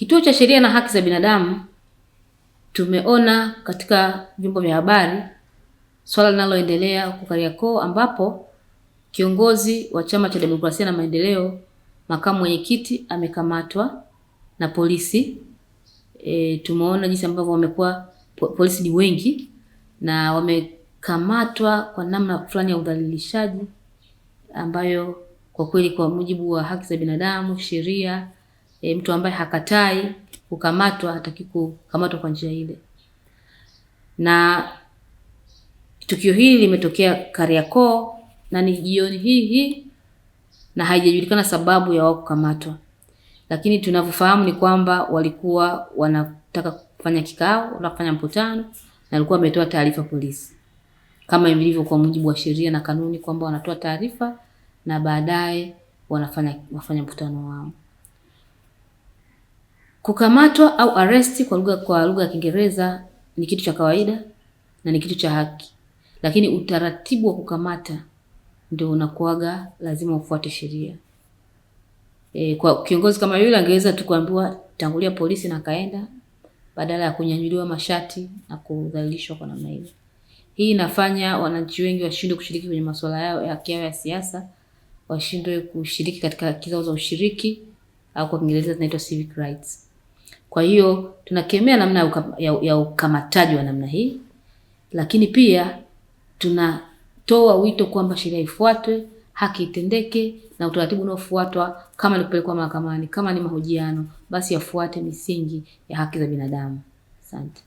Kituo cha Sheria na Haki za Binadamu tumeona katika vyombo vya habari swala linaloendelea huko Kariakoo ambapo kiongozi wa Chama cha Demokrasia na Maendeleo, makamu mwenyekiti amekamatwa na polisi. E, tumeona jinsi ambavyo wamekuwa polisi ni wengi na wamekamatwa kwa namna fulani ya udhalilishaji ambayo kwa kweli kwa mujibu wa haki za binadamu, sheria e, mtu ambaye hakatai kukamatwa hataki kukamatwa kwa njia ile. Na tukio hili limetokea Kariakoo na ni jioni hii hii, na haijajulikana sababu ya wao kukamatwa, lakini tunavyofahamu ni kwamba walikuwa wanataka kufanya kikao na kufanya mkutano, na walikuwa wametoa taarifa polisi kama ilivyo kwa mujibu wa sheria na kanuni kwamba wanatoa taarifa na baadaye wanafanya wafanya mkutano wao. Kukamatwa au aresti kwa lugha kwa lugha ya Kiingereza ni kitu cha kawaida na ni kitu cha haki, lakini utaratibu wa kukamata ndio unakuaga lazima ufuate sheria. E, kwa kiongozi kama yule angeweza tu kuambiwa tangulia polisi na kaenda, badala ya kunyanyuliwa mashati na kudhalilishwa kwa namna hiyo. Hii inafanya wananchi wengi washindwe kushiriki kwenye masuala yao ya kiao ya siasa, washindwe kushiriki katika haki zao za ushiriki au kwa Kiingereza zinaitwa civic rights. Kwa hiyo tunakemea namna ya, ya, ya ukamataji wa namna hii, lakini pia tunatoa wito kwamba sheria ifuatwe, haki itendeke, na utaratibu unaofuatwa kama ni kupelekwa mahakamani, kama ni mahojiano, basi yafuate misingi ya haki za binadamu. Asante.